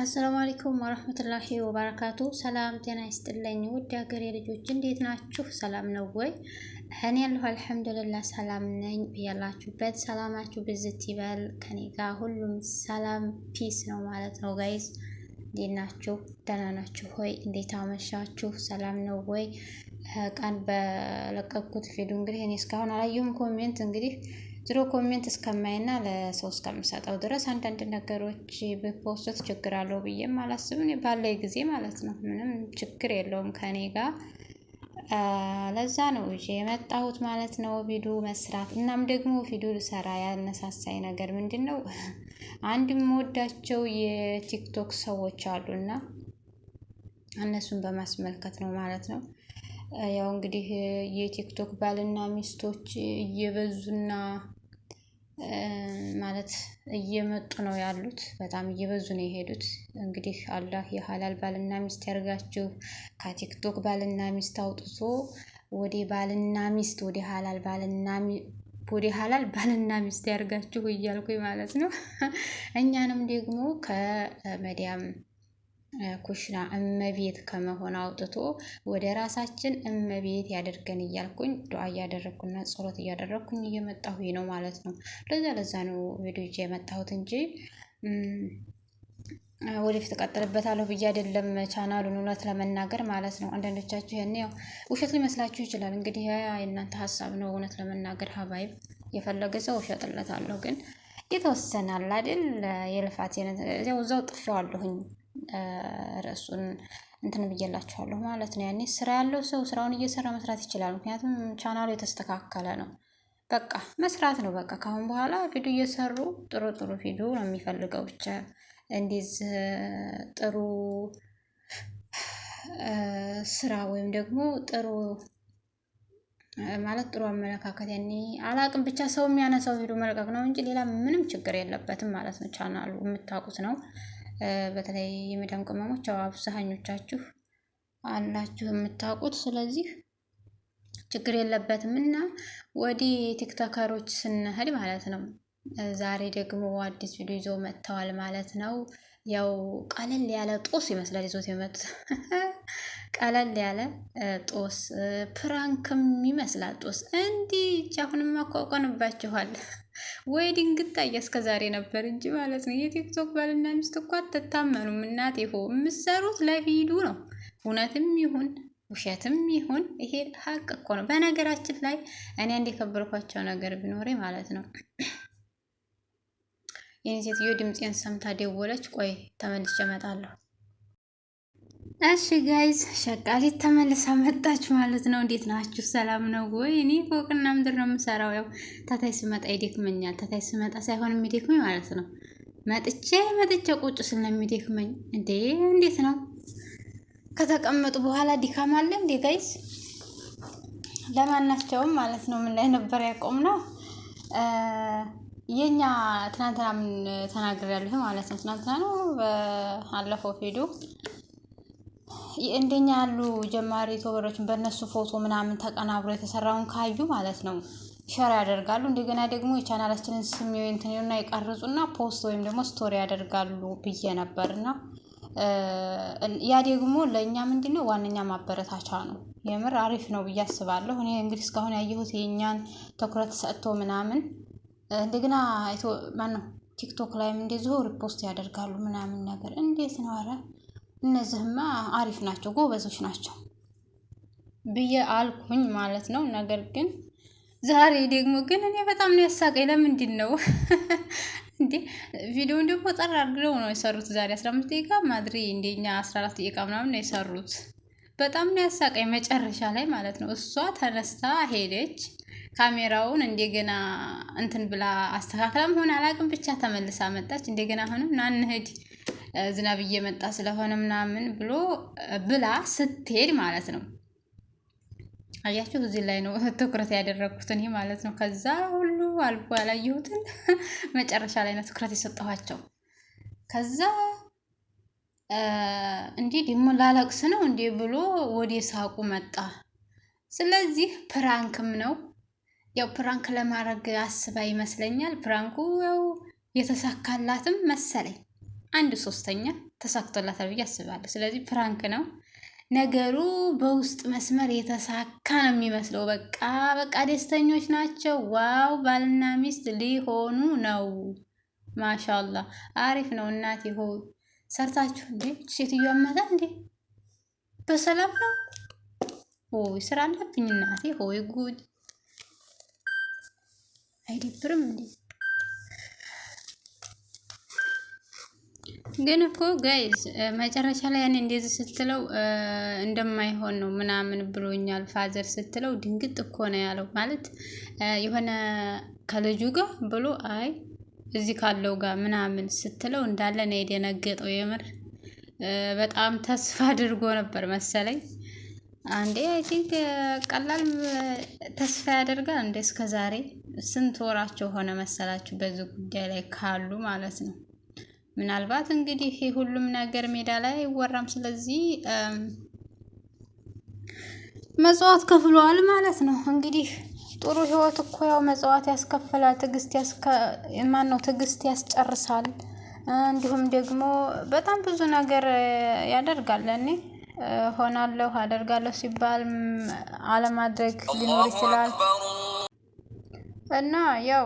አሰላሙ አለይኩም ወረህመቱላሂ ወበረካቱ። ሰላም ጤና ይስጥልኝ ውድ ሀገሬ ልጆች እንዴት ናችሁ? ሰላም ነው ወይ? እኔ ያለሁ አልሐምዱልላህ ሰላም ነኝ። እያላችሁበት ሰላማችሁ ብዝት ይበል። ከኔ ጋር ሁሉም ሰላም ፒስ ነው ማለት ነው። ጋይዝ እንዴት ናችሁ? ደህና ናችሁ ሆይ? እንዴት አመሻችሁ? ሰላም ነው ወይ? ቀን በለቀኩት ፊዱ እንግዲህ እኔ እስካሁን አላየሁም ኮሜንት እንግዲህ ዝሮ ኮሜንት እስከማይና ለሰው እስከምሰጠው ድረስ አንዳንድ ነገሮች ብፖስት ችግር አለው ብዬም አላስብም። ባለ ጊዜ ማለት ነው። ምንም ችግር የለውም ከኔ ጋር። ለዛ ነው ይዤ የመጣሁት ማለት ነው ቪዲዮ መስራት። እናም ደግሞ ቪዲዮ ልሰራ ያነሳሳይ ነገር ምንድን ነው? አንድ የምወዳቸው የቲክቶክ ሰዎች አሉና እነሱን በማስመልከት ነው ማለት ነው። ያው እንግዲህ የቲክቶክ ባልና ሚስቶች እየበዙና ማለት እየመጡ ነው ያሉት። በጣም እየበዙ ነው የሄዱት። እንግዲህ አላህ የሀላል ባልና ሚስት ያርጋችሁ። ከቲክቶክ ባልና ሚስት አውጥቶ ወደ ባልና ሚስት ወደ ሀላል ባልና ወደ ሀላል ባልና ሚስት ያርጋችሁ እያልኩኝ ማለት ነው። እኛንም ደግሞ ከመዲያም ኩሽና እመቤት ከመሆን አውጥቶ ወደ ራሳችን እመቤት ያደርገን እያልኩኝ ዱዓ እያደረግኩና ጸሎት እያደረግኩኝ እየመጣሁ ነው ማለት ነው። ለዛ ለዛ ነው ቪዲዮ የመጣሁት እንጂ ወደፊት እቀጥልበታለሁ ብዬ አይደለም ቻናሉን እውነት ለመናገር ማለት ነው። አንዳንዶቻችሁ ያኔ ያው ውሸት ሊመስላችሁ ይችላል። እንግዲህ የእናንተ ሀሳብ ነው። እውነት ለመናገር ሀባይብ የፈለገ ሰው እሸጥለታለሁ ግን የተወሰናል አይደል የልፋት እዛው እዛው ጥፌዋለሁኝ ርዕሱን እንትን ብዬላችኋለሁ ማለት ነው። ያኔ ስራ ያለው ሰው ስራውን እየሰራ መስራት ይችላል። ምክንያቱም ቻናሉ የተስተካከለ ነው። በቃ መስራት ነው። በቃ ካሁን በኋላ ቪዲዮ እየሰሩ ጥሩ ጥሩ ቪዲዮ ነው የሚፈልገው ብቻ እንዲዝ ጥሩ ስራ ወይም ደግሞ ጥሩ ማለት ጥሩ አመለካከት ያኔ አላቅም ብቻ ሰው የሚያነሳው ቪዲዮ መልቀቅ ነው እንጂ ሌላ ምንም ችግር የለበትም ማለት ነው። ቻናሉ የምታውቁት ነው። በተለይ የመዳም ቅመሞች አብዛኞቻችሁ አላችሁ የምታውቁት። ስለዚህ ችግር የለበትም እና ወደ ቲክቶከሮች ስንሄድ ማለት ነው። ዛሬ ደግሞ አዲስ ቪዲዮ ይዞ መጥተዋል ማለት ነው። ያው ቀለል ያለ ጦስ ይመስላል ይዞት የመጡት ቀለል ያለ ጦስ ፕራንክም ይመስላል። ጦስ እንዲህ እጅ አሁንም አቋቋንባችኋል ወይ ድንግጣ እስከ ዛሬ ነበር እንጂ ማለት ነው። የቲክቶክ ባልና ሚስት እኮ አትታመኑም። እናት ይሆ የምሰሩት ለቪዱ ነው። እውነትም ይሁን ውሸትም ይሁን ይሄ ሀቅ እኮ ነው። በነገራችን ላይ እኔ አንድ የከበርኳቸው ነገር ቢኖሬ ማለት ነው የኔ ሴትዮ ድምፄን ሰምታ ደወለች። ቆይ ተመልሼ እመጣለሁ። እሺ ጋይዝ ሸቃሊት ተመልሳ መጣች ማለት ነው። እንዴት ናችሁ? ሰላም ነው ወይ? እኔ ፎቅና ምድር ነው የምሰራው። ያው ታታይ ስመጣ ይደክመኛል። ታታይ ስመጣ ሳይሆን የሚደክመኝ ማለት ነው። መጥቼ መጥቼ ቁጭ ስለሚደክመኝ እንዴ! እንዴት ነው ከተቀመጡ በኋላ ድካም አለ እንዴ ጋይዝ? ለማናቸውም ማለት ነው ምን ላይ ነበር ያቆም ነው የእኛ ትናንትና ምን ተናግሬያለሁ ማለት ነው። ትናንትና ነው አለፈው ሄዶ እንደኛ ያሉ ጀማሪ ቶበሮችን በእነሱ ፎቶ ምናምን ተቀናብሮ የተሰራውን ካዩ ማለት ነው ሸር ያደርጋሉ። እንደገና ደግሞ የቻናላችንን ስም ወይንትንና የቀርጹና ፖስት ወይም ደግሞ ስቶሪ ያደርጋሉ ብዬ ነበርና ያ ደግሞ ለእኛ ምንድን ነው ዋነኛ ማበረታቻ ነው። የምር አሪፍ ነው ብዬ አስባለሁ። እኔ እንግዲህ እስካሁን ያየሁት የእኛን ትኩረት ሰጥቶ ምናምን እንደገና ማነው ቲክቶክ ላይም እንደዚሁ ሪፖስት ያደርጋሉ ምናምን ነገር እንዴት ነው? አረ እነዚህማ አሪፍ ናቸው፣ ጎበዞች ናቸው ብዬ አልኩኝ ማለት ነው። ነገር ግን ዛሬ ደግሞ ግን እኔ በጣም ነው ያሳቀኝ። ለምንድን ነው እንዴ? ቪዲዮውን ደግሞ ጠራ አድርገው ነው የሰሩት። ዛሬ 15 ደቂቃ ማድሪ እንደኛ 14 ደቂቃ ምናምን ነው የሰሩት። በጣም ነው ያሳቀኝ መጨረሻ ላይ ማለት ነው። እሷ ተነስታ ሄደች። ካሜራውን እንደገና እንትን ብላ አስተካክላም ሆነ አላቅም ብቻ ተመልሳ መጣች። እንደገና አሁንም ናንህድ ዝናብ እየመጣ ስለሆነ ምናምን ብሎ ብላ ስትሄድ ማለት ነው። አያችሁ፣ እዚህ ላይ ነው ትኩረት ያደረግኩት እኔ ማለት ነው። ከዛ ሁሉ አልፎ ያላየሁትን መጨረሻ ላይ ነው ትኩረት የሰጠኋቸው። ከዛ እንዲህ ደግሞ ላለቅስ ነው እንዴ ብሎ ወደ ሳቁ መጣ። ስለዚህ ፕራንክም ነው ያው ፕራንክ ለማድረግ አስባ ይመስለኛል። ፕራንኩ ያው የተሳካላትም መሰለኝ። አንድ ሶስተኛ ተሳክቶላታል ብዬ አስባለሁ። ስለዚህ ፕራንክ ነው ነገሩ። በውስጥ መስመር የተሳካ ነው የሚመስለው። በቃ በቃ ደስተኞች ናቸው። ዋው ባልና ሚስት ሊሆኑ ነው። ማሻላ አሪፍ ነው። እናት ይሆን ሰርታችሁ እንዴ? ሴትዮ አመታ እንዴ? በሰላም ነው ሆይ ስራ አለብኝ እናቴ ሆይ ጉድ አይደብርም እንዴ? ግን እኮ ጋይስ መጨረሻ ላይ ያኔ እንደዚህ ስትለው እንደማይሆን ነው ምናምን ብሎኛል ፋዘር ስትለው ድንግጥ እኮ ነው ያለው። ማለት የሆነ ከልጁ ጋር ብሎ አይ እዚህ ካለው ጋር ምናምን ስትለው እንዳለ ነው የደነገጠው። የምር በጣም ተስፋ አድርጎ ነበር መሰለኝ። አንዴ አይ ቲንክ ቀላል ተስፋ ያደርጋል እንደ እስከ ዛሬ ስንት ወራቸው ሆነ መሰላችሁ በዚህ ጉዳይ ላይ ካሉ ማለት ነው። ምናልባት እንግዲህ ሁሉም ነገር ሜዳ ላይ አይወራም። ስለዚህ መጽዋት ከፍሏል ማለት ነው። እንግዲህ ጥሩ ህይወት እኮ ያው መጽዋት ያስከፍላል፣ ትዕግስት ማን ነው ትዕግስት ያስጨርሳል። እንዲሁም ደግሞ በጣም ብዙ ነገር ያደርጋል። እኔ ሆናለሁ አደርጋለሁ ሲባል አለማድረግ ሊኖር ይችላል። እና ያው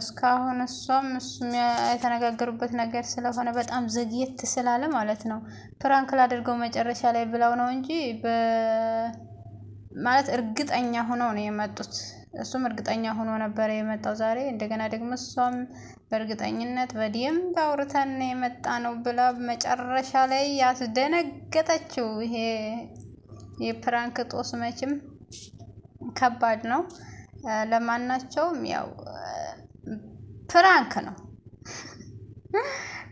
እስካሁን እሷም እሱም የተነጋገሩበት ነገር ስለሆነ በጣም ዘግየት ስላለ ማለት ነው ፕራንክ ላደርገው መጨረሻ ላይ ብለው ነው እንጂ ማለት እርግጠኛ ሆነው ነው የመጡት። እሱም እርግጠኛ ሆኖ ነበረ የመጣው ዛሬ። እንደገና ደግሞ እሷም በእርግጠኝነት በደንብ አውርተን የመጣ ነው ብላ መጨረሻ ላይ ያስደነገጠችው ይሄ የፕራንክ ጦስ መቼም ከባድ ነው። ለማናቸውም ያው ፕራንክ ነው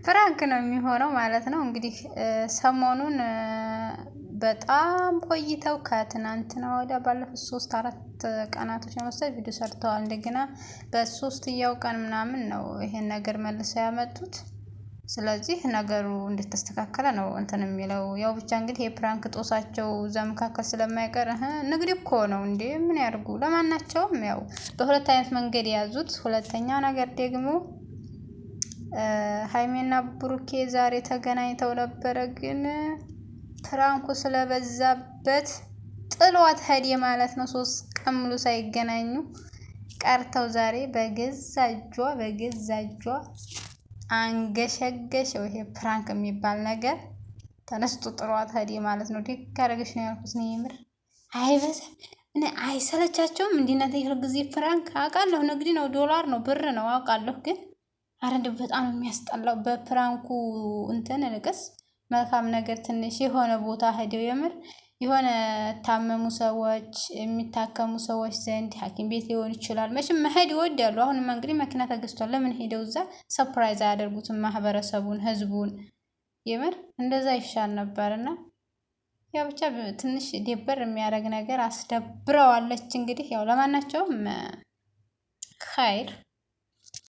ፕራንክ ነው የሚሆነው ማለት ነው። እንግዲህ ሰሞኑን በጣም ቆይተው ከትናንትና ወዲያ ባለፉት ሶስት አራት ቀናቶች ለመውሰድ ቪዲዮ ሰርተዋል። እንደገና በሶስትያው ቀን ምናምን ነው ይሄን ነገር መልሰው ያመጡት። ስለዚህ ነገሩ እንድትስተካከለ ነው እንትን የሚለው ያው ብቻ እንግዲህ የፕራንክ ጦሳቸው እዛ መካከል ስለማይቀር ንግድ እኮ ነው እንዴ ምን ያርጉ ለማናቸውም ያው በሁለት አይነት መንገድ የያዙት። ሁለተኛው ነገር ደግሞ ሀይሜና ብሩኬ ዛሬ ተገናኝተው ነበረ፣ ግን ፕራንኩ ስለበዛበት ጥሏት ሄደ ማለት ነው። ሶስት ቀን ሙሉ ሳይገናኙ ቀርተው ዛሬ በገዛ እጇ በገዛ እጇ አንገሸገሸው። ይሄ ፕራንክ የሚባል ነገር ተነስቶ ጥሯት ሄደ ማለት ነው። ዲክ ካረገሽ ነው ያልኩት ነው የምር። አይበዛም እኔ አይሰለቻቸውም። እንዲነት ይህ ጊዜ ፕራንክ አውቃለሁ። ንግድ ነው፣ ዶላር ነው፣ ብር ነው አውቃለሁ። ግን አረንድ በጣም የሚያስጠላው በፕራንኩ እንትን ልቅስ መልካም ነገር ትንሽ የሆነ ቦታ ሄደው የምር የሆነ ታመሙ ሰዎች የሚታከሙ ሰዎች ዘንድ ሐኪም ቤት ሊሆን ይችላል። መቼም መሄድ ይወዳሉ። አሁንማ እንግዲህ መኪና ተገዝቷል። ለምን ሄደው እዛ ሰፕራይዝ አያደርጉትም? ማህበረሰቡን፣ ህዝቡን የምር እንደዛ ይሻል ነበርና ያ ብቻ ትንሽ ደበር የሚያደርግ ነገር አስደብረዋለች። እንግዲህ ያው ለማናቸውም ኸይር